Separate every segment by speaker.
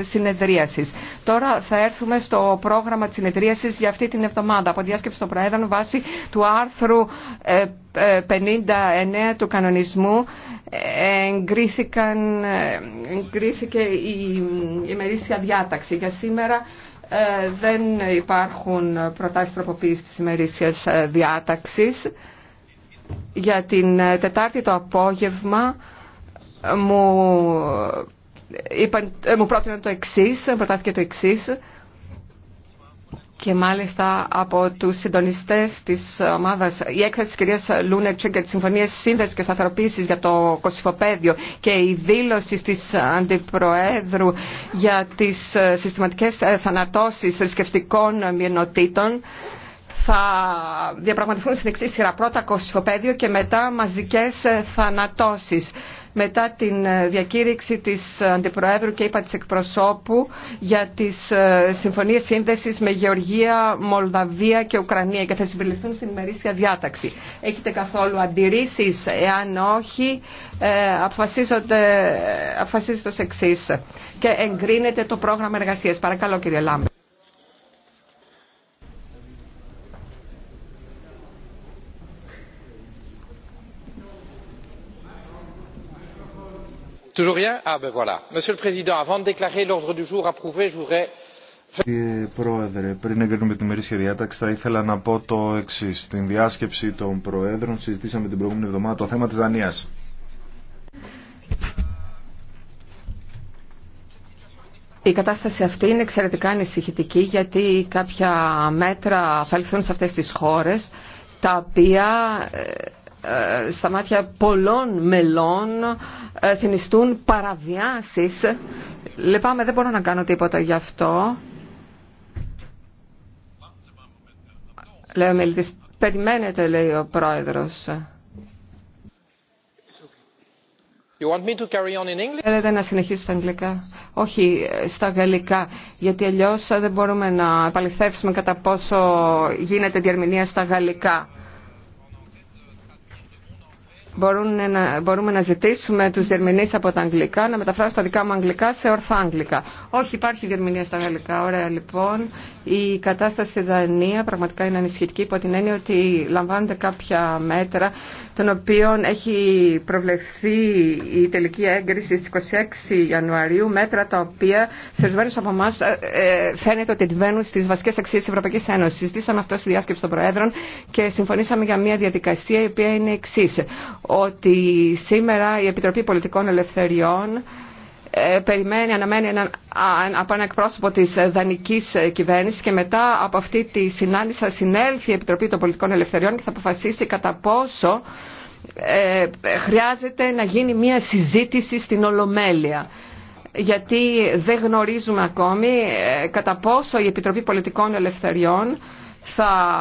Speaker 1: συνεδρίασης. Τώρα θα έρθουμε στο πρόγραμμα της συνεδρίασης για αυτή την εβδομάδα από διάσκεψη των Προέδρων βάσει του άρθρου 59 ε, ε, του κανονισμού ε, εγκρίθηκε η ημερήσια διάταξη για σήμερα δεν υπάρχουν προτάσεις τροποποίησης της ημερήσιας διάταξης. Για την Τετάρτη το απόγευμα μου είπαν, ε, μου πρότειναν το εξή, προτάθηκε το εξή. Και μάλιστα από του συντονιστέ τη ομάδα, η έκθεση τη κυρία Λούνερ για τι συμφωνίε σύνδεση και σταθεροποίηση για το κοσυφοπαίδιο και η δήλωση τη Αντιπροέδρου για τι ε, συστηματικέ ε, θανατώσει θρησκευτικών μειονοτήτων θα διαπραγματευτούν στην εξή σειρά. Πρώτα κοσυφοπαίδιο και μετά μαζικές θανατώσει Μετά την διακήρυξη της Αντιπροέδρου και είπα τη εκπροσώπου για τις ε, συμφωνίες σύνδεση με Γεωργία, Μολδαβία και Ουκρανία και θα συμπληρωθούν στην ημερήσια διάταξη. Έχετε καθόλου αντιρρήσει εάν όχι, ε, αποφασίζονται, ε, αποφασίζεται ω και εγκρίνεται το πρόγραμμα εργασία. Παρακαλώ κύριε Λάμπερ.
Speaker 2: Πρόεδρε, πριν εγκρίνουμε τη μέρη διάταξη, θα ήθελα να πω το εξή. Στην διάσκεψη των Προέδρων συζητήσαμε την προηγούμενη εβδομάδα το θέμα τη Δανία.
Speaker 1: Η κατάσταση αυτή είναι εξαιρετικά ανησυχητική γιατί κάποια μέτρα θα σε αυτές τις χώρες τα οποία ε, ε, στα μάτια πολλών μελών ε, συνιστούν παραβιάσεις. Λεπάμε, δεν μπορώ να κάνω τίποτα γι' αυτό. Λέω Μιλτής, περιμένετε, λέει ο πρόεδρος. You Θέλετε να συνεχίσω στα αγγλικά. Όχι ε, στα γαλλικά, γιατί αλλιώς δεν μπορούμε να επαληθεύσουμε κατά πόσο γίνεται διερμηνία στα γαλλικά να, μπορούμε να ζητήσουμε τους διερμηνείς από τα αγγλικά να μεταφράσουν τα δικά μου αγγλικά σε ορθά αγγλικά. Όχι, υπάρχει διερμηνία στα γαλλικά. Ωραία, λοιπόν. Η κατάσταση στη Δανία πραγματικά είναι ανησυχητική υπό την έννοια ότι λαμβάνονται κάποια μέτρα των οποίων έχει προβλεφθεί η τελική έγκριση στις 26 Ιανουαρίου, μέτρα τα οποία σε ορισμένου από εμά ε, ε, φαίνεται ότι αντιβαίνουν στις βασικές αξίες της Ευρωπαϊκής Ένωσης. Συζητήσαμε αυτό στη διάσκεψη των Προέδρων και συμφωνήσαμε για μια διαδικασία η οποία είναι εξή ότι σήμερα η Επιτροπή Πολιτικών Ελευθεριών ε, περιμένει, αναμένει έναν, από ένα εκπρόσωπο της δανικής κυβέρνησης και μετά από αυτή τη συνάντηση θα συνέλθει η Επιτροπή των Πολιτικών Ελευθεριών και θα αποφασίσει κατά πόσο ε, χρειάζεται να γίνει μια συζήτηση στην Ολομέλεια γιατί δεν γνωρίζουμε ακόμη ε, κατά πόσο η Επιτροπή Πολιτικών Ελευθεριών θα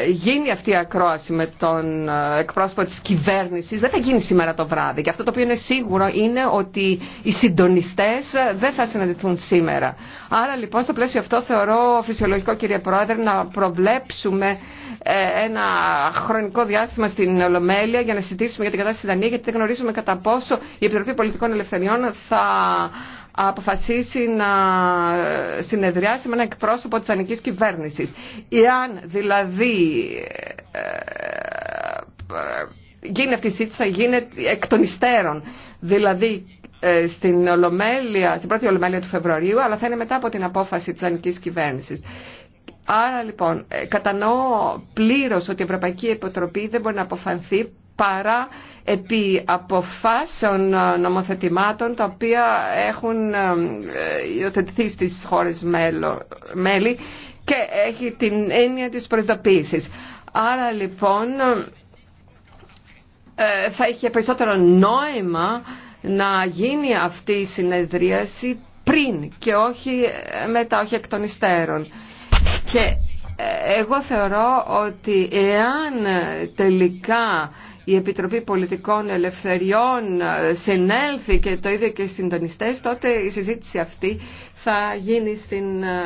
Speaker 1: ε, γίνει αυτή η ακρόαση με τον ε, εκπρόσωπο της κυβέρνησης δεν θα γίνει σήμερα το βράδυ και αυτό το οποίο είναι σίγουρο είναι ότι οι συντονιστές ε, δεν θα συναντηθούν σήμερα. Άρα λοιπόν στο πλαίσιο αυτό θεωρώ φυσιολογικό κύριε Πρόεδρε να προβλέψουμε ένα χρονικό διάστημα στην Ολομέλεια για να συζητήσουμε για την κατάσταση στη Δανία γιατί δεν γνωρίζουμε κατά πόσο η Επιτροπή Πολιτικών Ελευθεριών θα αποφασίσει να συνεδριάσει με ένα εκπρόσωπο της ανικής κυβέρνησης. Εάν δηλαδή ε, ε, γίνει αυτή η σύντηση θα γίνει εκ των υστέρων. Δηλαδή ε, στην, Ολομέλεια, στην πρώτη Ολομέλεια του Φεβρουαρίου, αλλά θα είναι μετά από την απόφαση της δανεικής κυβέρνησης. Άρα λοιπόν, κατανοώ πλήρως ότι η Ευρωπαϊκή Επιτροπή δεν μπορεί να αποφανθεί παρά επί αποφάσεων ε, νομοθετημάτων τα οποία έχουν ε, υιοθετηθεί στις χώρες μέλη και έχει την έννοια της προειδοποίησης. Άρα λοιπόν ε, θα είχε περισσότερο νόημα να γίνει αυτή η συνεδρίαση πριν και όχι μετά, όχι εκ των υστέρων. Και εγώ θεωρώ ότι εάν τελικά η Επιτροπή Πολιτικών Ελευθεριών συνέλθει και το ίδιο και οι συντονιστές, τότε η συζήτηση αυτή θα γίνει στην ε,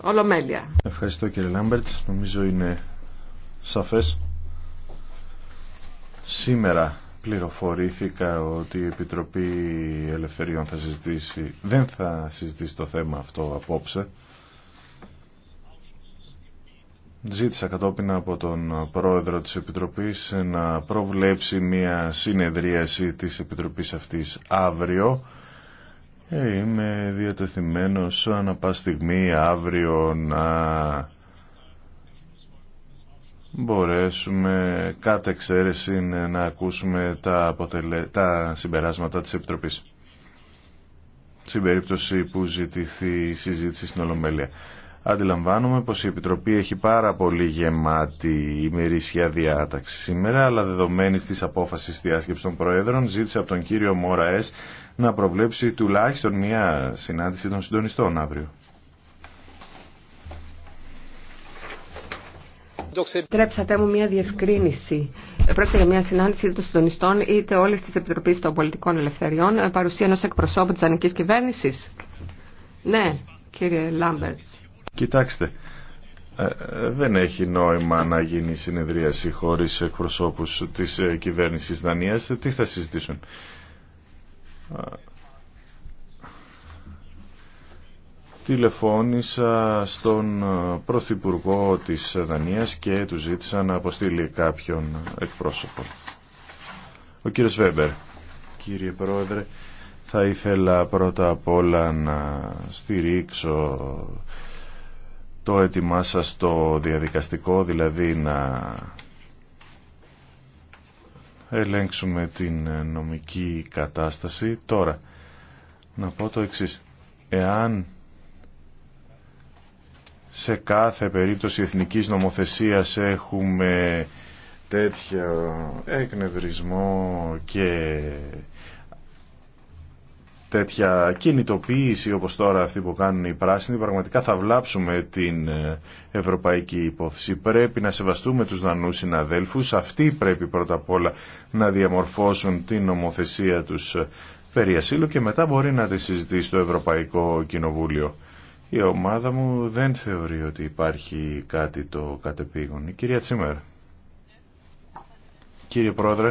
Speaker 1: Ολομέλεια.
Speaker 2: Ευχαριστώ κύριε Λάμπερτς. Νομίζω είναι σαφές. Σήμερα πληροφορήθηκα ότι η Επιτροπή Ελευθεριών θα συζητήσει, δεν θα συζητήσει το θέμα αυτό απόψε. Ζήτησα κατόπιν από τον πρόεδρο της Επιτροπής να προβλέψει μια συνεδρίαση της Επιτροπής αυτής αύριο. Ε, είμαι διατεθειμένος ανά πάση στιγμή αύριο να μπορέσουμε κάτω εξαίρεση να ακούσουμε τα, αποτελε... τα συμπεράσματα της Επιτροπής. Στην περίπτωση που ζητηθεί η συζήτηση στην Ολομέλεια. Αντιλαμβάνομαι πως η Επιτροπή έχει πάρα πολύ γεμάτη ημερήσια διάταξη σήμερα, αλλά δεδομένη της απόφασης διάσκεψης των Προέδρων ζήτησε από τον κύριο Μόραες να προβλέψει τουλάχιστον μια συνάντηση των συντονιστών αύριο.
Speaker 1: Τρέψατε μου μια διευκρίνηση. Πρόκειται για μια συνάντηση των συντονιστών είτε όλη τη Επιτροπή των Πολιτικών Ελευθεριών, παρουσία ενό εκπροσώπου τη Ανική Κυβέρνηση. Ναι, κύριε Λάμπερτ.
Speaker 2: Κοιτάξτε, ε, ε, δεν έχει νόημα να γίνει συνεδρίαση χωρίς εκπροσώπους της ε, κυβέρνησης Δανίας. Τι θα συζητήσουν. Τηλεφώνησα στον Πρωθυπουργό της Δανίας και του ζήτησα να αποστείλει κάποιον εκπρόσωπο. Ο κύριος Βέμπερ. Κύριε Πρόεδρε, θα ήθελα πρώτα απ' όλα να στηρίξω το έτοιμά σας το διαδικαστικό, δηλαδή να ελέγξουμε την ε, νομική κατάσταση. Τώρα, να πω το εξής. Εάν σε κάθε περίπτωση εθνικής νομοθεσίας έχουμε τέτοιο εκνευρισμό και τέτοια κινητοποίηση όπως τώρα αυτή που κάνουν οι πράσινοι πραγματικά θα βλάψουμε την ε, ευρωπαϊκή υπόθεση. Πρέπει να σεβαστούμε τους δανούς συναδέλφους. Αυτοί πρέπει πρώτα απ' όλα να διαμορφώσουν την νομοθεσία τους ε, περί ασύλου και μετά μπορεί να τη συζητήσει στο Ευρωπαϊκό Κοινοβούλιο. Η ομάδα μου δεν θεωρεί ότι υπάρχει κάτι το κατεπήγον. Η κυρία Τσίμερ. Κύριε Πρόεδρε.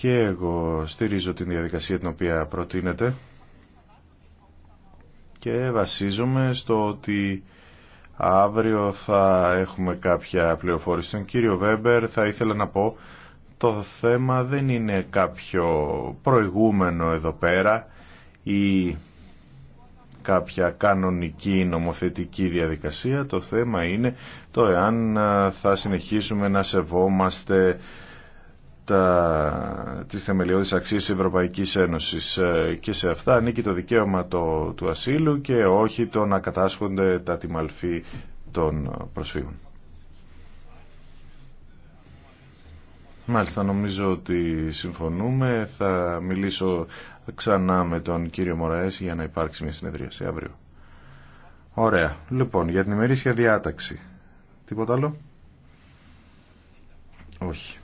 Speaker 2: Και εγώ στηρίζω την διαδικασία την οποία προτείνεται και βασίζομαι στο ότι αύριο θα έχουμε κάποια πληροφόρηση. Στον κύριο Βέμπερ θα ήθελα να πω το θέμα δεν είναι κάποιο προηγούμενο εδώ πέρα ή κάποια κανονική νομοθετική διαδικασία. Το θέμα είναι το εάν ε, θα συνεχίσουμε να σεβόμαστε τα, τις θεμελιώδεις αξίες της Ευρωπαϊκής Ένωσης ε, και σε αυτά ανήκει το δικαίωμα του ασύλου και όχι το να κατάσχονται τα τιμαλφή των προσφύγων. Μάλιστα νομίζω ότι συμφωνούμε. Θα μιλήσω ξανά με τον κύριο Μωραές για να υπάρξει μια συνεδρία σε αύριο. Ωραία. Λοιπόν, για την ημερήσια διάταξη. Τίποτα άλλο? Όχι.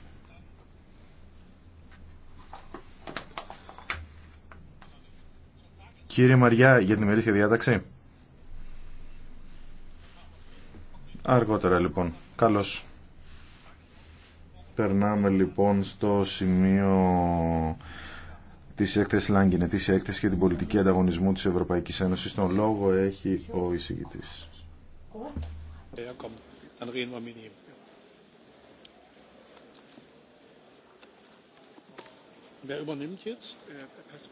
Speaker 2: Κύριε Μαριά, για την ημερήσια διάταξη. Αργότερα λοιπόν. Καλώς. Περνάμε λοιπόν στο σημείο της έκθεσης Λάγκινε, της έκθεσης και την πολιτική ανταγωνισμού της Ευρωπαϊκής Ένωσης. Τον λόγο έχει ο εισηγητής. Wer übernimmt jetzt? Äh,